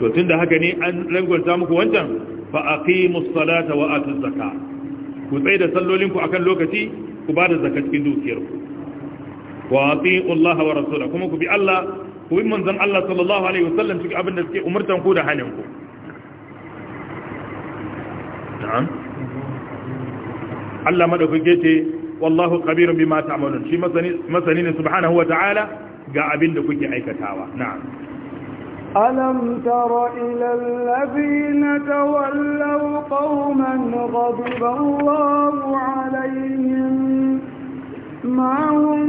A: to da haka ne an rangwanta muku wancan fa aqimus salata wa atuz zakat ku tsaye da sallolinku akan lokaci ku ba da zakat cikin dukiyar wa ati'u Allah wa rasulahu kuma ku bi Allah ku bi manzon Allah sallallahu alaihi wasallam cikin abin da suke umurtan ku da hanin ku na'am Allah madaukake ce wallahu khabirun bima ta'malun shi masani masani subhanahu wa ta'ala ga abin da kuke aikatawa na'am
B: ألم تر إلى الذين تولوا قوما غضب الله عليهم ما هم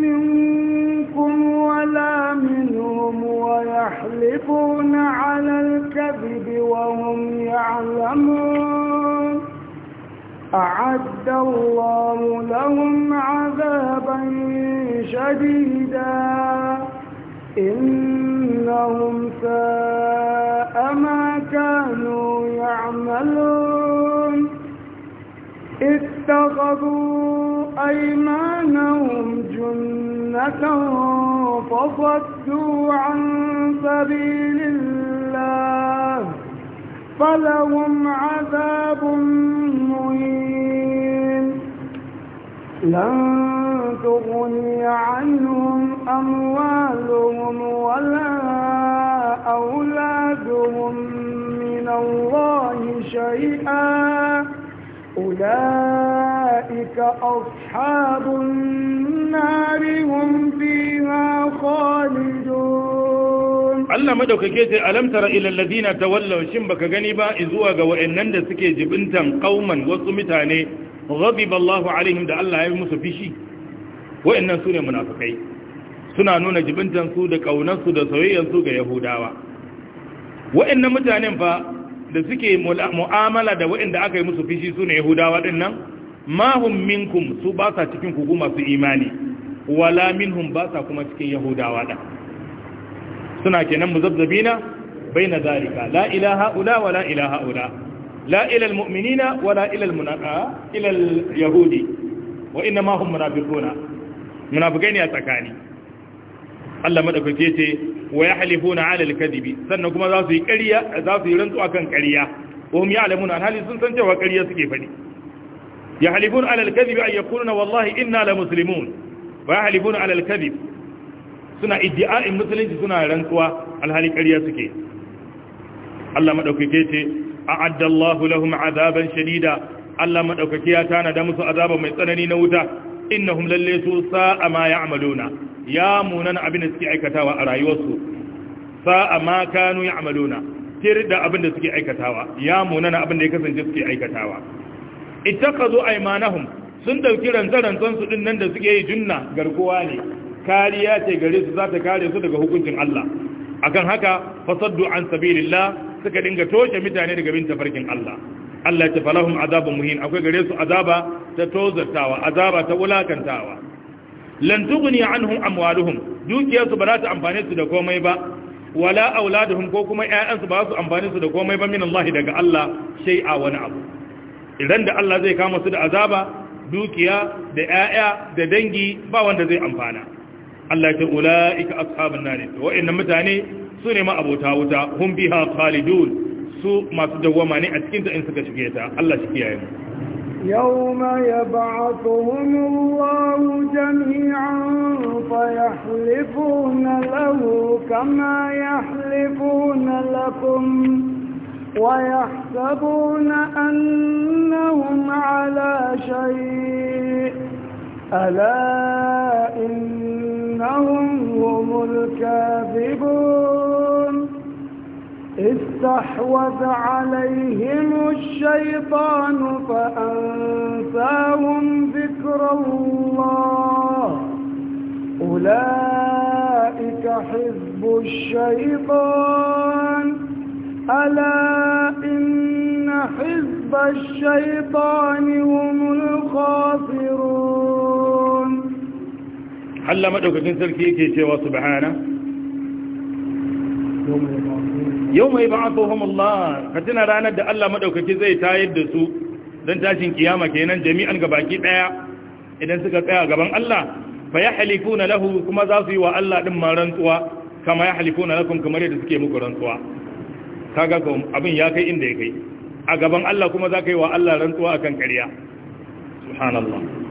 B: منكم ولا منهم ويحلفون على الكذب وهم يعلمون أعد الله لهم عذابا شديدا إن إنهم ساء ما كانوا يعملون اتخذوا أيمانهم جنة فصدوا عن سبيل الله فلهم عذاب مهين لن تغني عنهم أموالهم ولا أولادهم من الله شيئا أولئك أصحاب النار هم فيها خالدون
A: الله مدوكake ce alam tara ila alladhina tawallaw shin baka gani ba zuwa ga wayannan da suke jibintan ƙauman wasu mutane Rabi Allahu alaihim da Allah ya yi musu fishi wa'annan sune munafikai suna nuna jibintansu su da ƙaunarsu da soyayyarsu ga yahudawa wa'annan mutanen fa da suke mu'amala da wa'anda aka yi musu fishi sune yahudawa din nan ma minkum su ba sa cikin kugu masu imani wala minhum ba sa kuma cikin yahudawa din suna kenan muzabzabina baina zalika la ilaha ula la ilaha ula la ila almu'minina wala ila almunaqa ila alyahudi wa inma hum munafiquna munafiqai ne a tsakani Allah madaukake ce wa yahlifuna ala alkadibi sannan kuma za su yi ƙarya za su yi rantsu akan ƙarya wa hum ya'lamuna hali sun san cewa ƙarya suke fadi yahlifuna ala alkadibi ay yaquluna wallahi inna la muslimun wa yahlifuna ala alkadib suna iddia'in musulunci suna rantsuwa alhali ƙarya suke Allah madaukake ce أعد الله لهم عذابا شديدا الله ما أوككيا كان دمس عذابا ميسانني نوتا إنهم لليسوا ساء ما يعملون يا مونان أبن السعيكة وأرايوسوا ساء ما كانوا يعملون tir da abin da suke aikatawa ya munana abin da ya kasance suke aikatawa ittakhadhu aymanahum sun dauki rantsan su din nan da suke yi junna garkuwa ne kariya ce gare su za ta kare su daga hukuncin Allah akan haka fasaddu an sabilillah suka dinga toshe mutane daga bin tafarkin Allah Allah ta falahum azabun muhin akwai gare su azaba ta tozartawa azaba ta wulakantawa lan tughni anhum amwaluhum dukiyarsu ba za ta amfane su da komai ba wala auladuhum ko kuma ƴaƴansu ba su amfane su da komai ba min Allah daga Allah shay'a wani abu idan da Allah zai kama su da azaba dukiya da ƴaƴa da dangi ba wanda zai amfana Allah ya ula'ika ashabun nari waɗannan mutane su ne ma abota wuta hum biha khalidun su masu dawwama ne a cikin ta in suka shige ta Allah shi kiyaye mu
B: يوم يبعثهم الله جميعا فيحلفون له كما يحلفون لكم ويحسبون أنهم على شيء ألا إن إنهم هم الكاذبون استحوذ عليهم الشيطان فأنساهم ذكر الله أولئك حزب الشيطان ألا إن حزب الشيطان هم
A: الخاسرون Allah madaukakin sarki yake cewa subhana yau mai ba Allah ka ranar da Allah madaukaki zai tayar da su don tashin kiyama kenan jami'an gabaki daya idan suka tsaya gaban Allah fa yahlikuna lahu kuma za su yi wa Allah din ma rantsuwa kama yahlifuna lakum kamar yadda suke muku rantsuwa kaga ko abin ya kai inda ya kai a gaban Allah kuma za ka yi wa Allah rantsuwa akan kariya subhanallah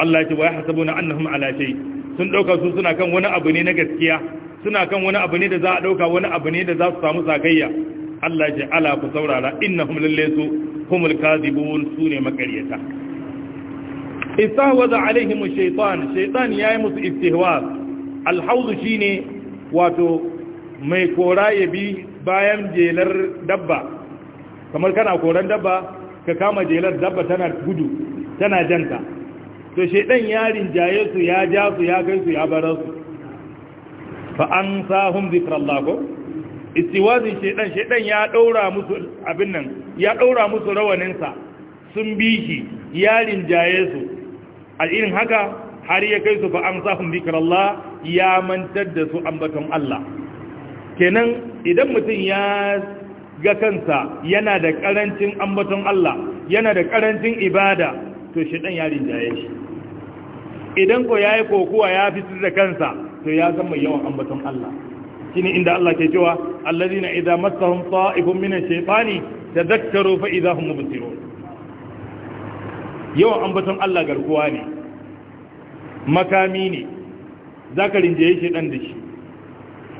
A: Allah ce wa ya hasabu na annahum ala shay sun dauka su suna kan wani abu ne na gaskiya suna kan wani abu ne da za a dauka wani abu ne da za su samu sakayya Allah ce ala ku saurara innahum lillaysu humul kadhibun sune makaryata istahwaza alaihim ash-shaytan shaytan yayi musu istihwaz al shine wato mai kora ya bi bayan jelar dabba kamar kana koran dabba ka kama jelar dabba tana gudu tana janta to shaidan ya rinjaye su ya ja su ya kai su ya barar su fa an sahum zikrallah ko istiwazin shaidan shaidan ya daura musu abin nan ya daura musu rawanin sa sun bi shi ya rinjaye su a irin haka har ya kai su fa an sahum zikrallah ya mantar da su ambaton Allah kenan idan mutum ya ga kansa yana da karancin ambaton Allah yana da karancin ibada to shi dan yarin jaye shi idan ko ya yi kokuwa ya fitar da kansa to ya zama yawan ambaton Allah ne inda Allah ke cewa allazina idza massahum ta'ifun min ash-shaytani tadhakkaru fa idza hum mubsirun yawan ambaton Allah garkuwa ne makami ne zaka rinjaye shedan da shi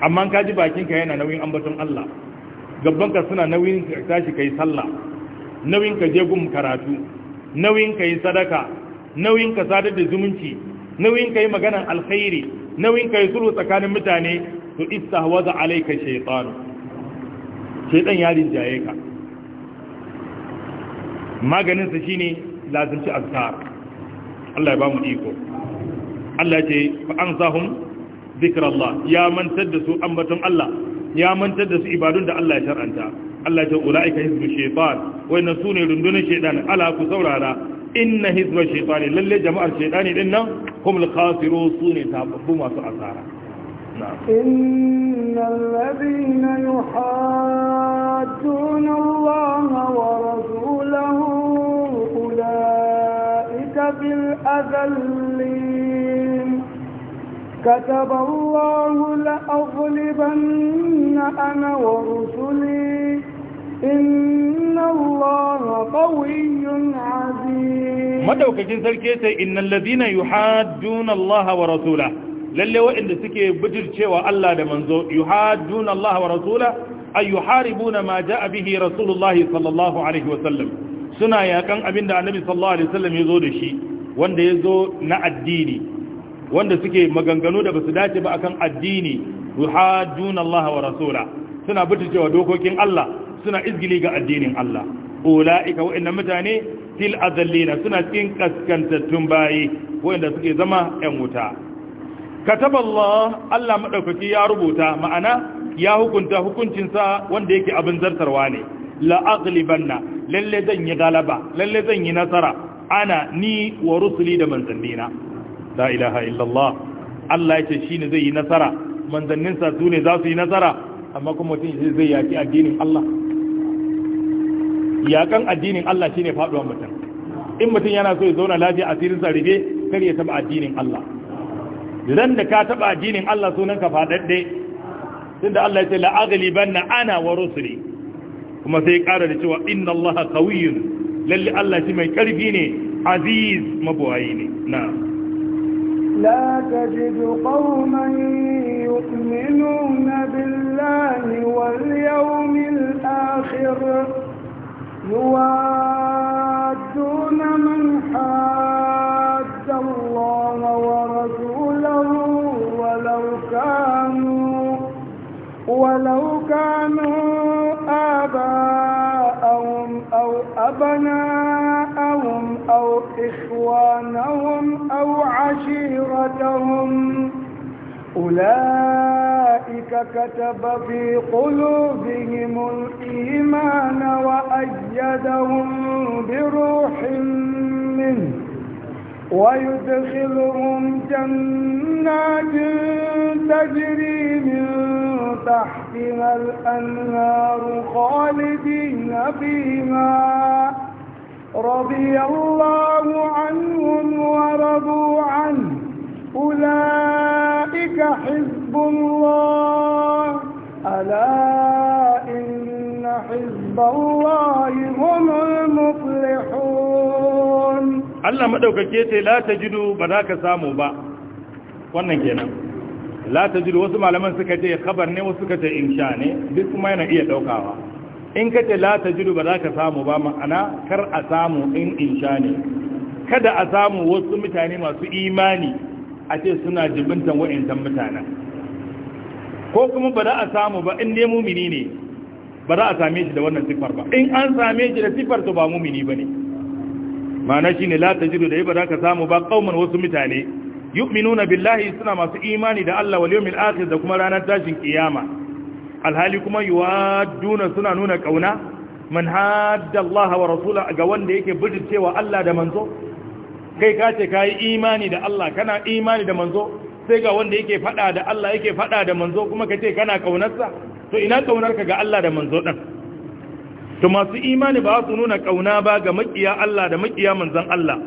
A: amma ka ji bakinka yana nauyin ambaton Allah gabbanka suna nauyin tashi kai sallah nauyin ka je gum karatu nauyin ka yi sadaka nauyin ka sadar da zumunci nauyin ka yi maganan alkhairi nauyin ka yi sulhu tsakanin mutane to istahwaza alayka shaytan shaytan ya rinjaye ka maganin sa shine lazimci azkar Allah ya ba mu iko Allah ce fa ansahum zikrallah ya mantar da su ambaton Allah ya mantar da su ibadun da Allah ya shar'anta Allah ya ce ulaika hizbu shaytan wa inna sunne rundunar shaytan ala ku saurara إن هزو الشيطان للي جماعة الشيطان لنا هم الخاسرون هم أسعارا نعم.
B: إن الذين يحاجون الله ورسوله أولئك بالأذلين كتب الله لأغلبن أنا ورسلي إن الله قوي عزيز
A: مدوكاكين سركيتي إن الذين يحادون wa ورسوله lalle waɗanda suke bijircewa Allah da manzo yuhadduna Allah wa rasula ay yuharibuna ma jaa bihi rasulullah sallallahu alaihi wasallam suna yakan abinda annabi sallallahu alaihi wasallam yazo da shi wanda yazo na addini wanda suke maganganu da basu dace ba akan addini yuhajjuna Allah wa rasula suna butulcewa dokokin Allah suna izgili ga addinin Allah ulaika wa'annan mutane fil azallina suna cikin kaskantattun bayi wa'anda suke zama yan wuta kataballah Allah madaukaki ya rubuta ma'ana ya hukunta hukuncinsa wanda yake abin zartarwa ne la aghlibanna lalle zan yi galaba lallai zan yi nasara ana ni wa rusuli da manzannina la ilaha illallah Allah ya ce ne zai yi nasara manzanninsa su ne za su yi nasara amma kuma mutum zai yaki addinin Allah yakan addinin Allah shine faduwar mutum in mutum yana so ya zauna lafiya asirin sa rufe kar ya taɓa addinin Allah idan da ka taɓa addinin Allah sunan ka faɗaɗɗe, fadadde da Allah ya ce la aghlibanna ana wa rusuli kuma sai ya ƙara da cewa inna Allah qawiyyun lalle Allah shi mai ƙarfi ne aziz mabuwayi ne na
B: la tajidu qauman يؤمنون بالله واليوم الآخر يوادون من حاد الله ورسوله ولو كانوا ولو كانوا آباءهم أو أبناءهم أو إخوانهم أو عشيرتهم أولئك كتب في قلوبهم الإيمان وأيدهم بروح منه ويدخلهم جنات تجري من تحتها الأنهار خالدين فيها رضي الله عنهم ورضوا عنه أولئك حزب الله ألا إن حزب الله هم المفلحون
A: الله كيتي لا تجدوا بذاك سامو با wannan kenan la jiru wasu malaman suka ce khabar ne wasu suka ce insha ne duk kuma yana iya daukawa in ka ce la jiru ba za ka samu ba ma'ana kar a samu in insha ne kada a samu wasu mutane masu imani a ce suna jibintan wa'intan mutanen ko kuma ba za a samu ba in ne mumini ne ba za a same shi da wannan siffar ba in an same shi da siffar to ba mumini ba ne ma'ana shi ne la jiru da yi ba za ka samu ba kauman wasu mutane yu'minuna billahi suna masu imani da Allah wal yawmil akhir da kuma ranar tashin kiyama alhali kuma yuwadduna suna nuna kauna man hadda Allah wa rasula ga wanda yake bijircewa Allah da manzo kai ka ce ka yi imani da Allah kana imani da manzo sai ga wanda yake faɗa da Allah yake faɗa da manzo kuma ka ce kana ƙaunarsa to ina kaunarka ga Allah da manzo ɗan? to masu imani ba su nuna kauna ba ga maƙiya Allah da maƙiya manzon Allah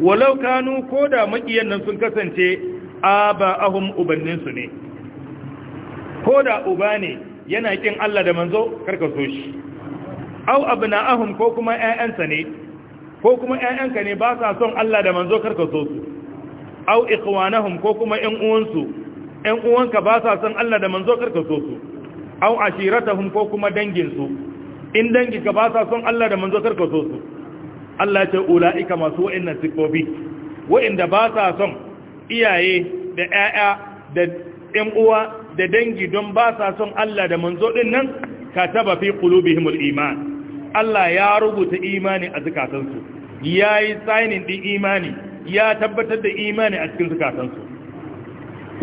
A: walau kanu ko da maƙiyan nan sun kasance aba'ahum ubanninsu ne ko da uba ne yana ƙin Allah da manzo karka so shi au abna'ahum ko kuma ƴaƴansa ne ko kuma ƴaƴanka ne ba sa son Allah da manzo karka so su au ikwanahum ko kuma ƴan uwansu ƴan uwanka ba sa son Allah da manzo karka so su au ashiratahum ko kuma dangin su in dangin ka ba sa son Allah da manzo karka so su Allah ya ce ulaika masu wa'annan sikobi, wa'anda ba sa son iyaye da ƴaƴa da ƴan uwa da dangi don ba sa son Allah da manzo din nan kataba fi qulubihimul iman Allah ya rubuta imani a zukatansu ya yi tsainin ɗin imani ya tabbatar da imani a cikin zukatansu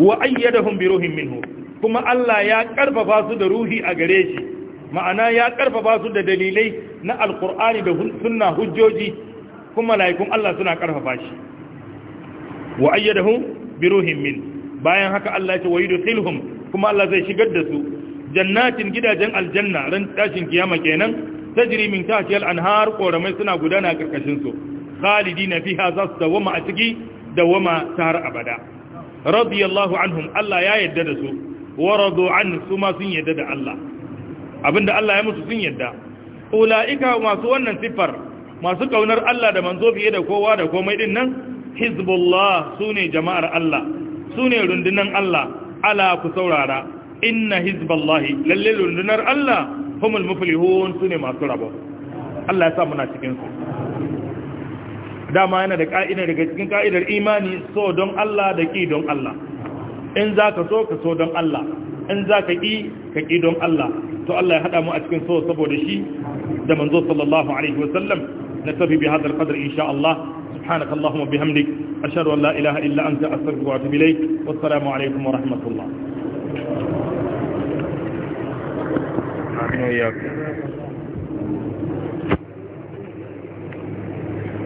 A: wa ayyadahum bi ruhin minhu kuma Allah ya karfafa su da ruhi a gare shi ma'ana ya ƙarfafa su da dalilai na alkur'ani da suna hujjoji kuma laifin Allah suna karfafa shi wa hun bi ruhin min bayan haka Allah ya ce wa kuma Allah zai shigar da su jannatin gidajen aljanna ran tashin kiyama kenan ta min tahtiha anhar koramai suna gudana karkashin su khalidina fiha za su dawama a ciki dawama ta har abada radiyallahu anhum Allah ya yadda da su wa an su ma sun yadda da Allah abinda Allah ya musu sun yadda ulaika masu wannan sifar masu kaunar Allah da manzo fiye da kowa da komai din nan hizbullah sune jama'ar Allah sune rundunar Allah ala ku saurara inna hizballahi lalle rundunar Allah humul muflihun sune masu rabo Allah ya sa muna cikin su dama yana da ka'ida daga cikin ka'idar imani so don Allah da ki don Allah in za ka so ka so don Allah in za ka ki ka ki don Allah to Allah ya hada mu a cikin so saboda shi da manzo sallallahu alaihi wa sallam wasallam نكتفي بهذا القدر إن شاء الله سبحانك اللهم وبحمدك أشهد أن لا إله إلا أنت أستغفرك وأتوب إليك والسلام عليكم ورحمة الله の役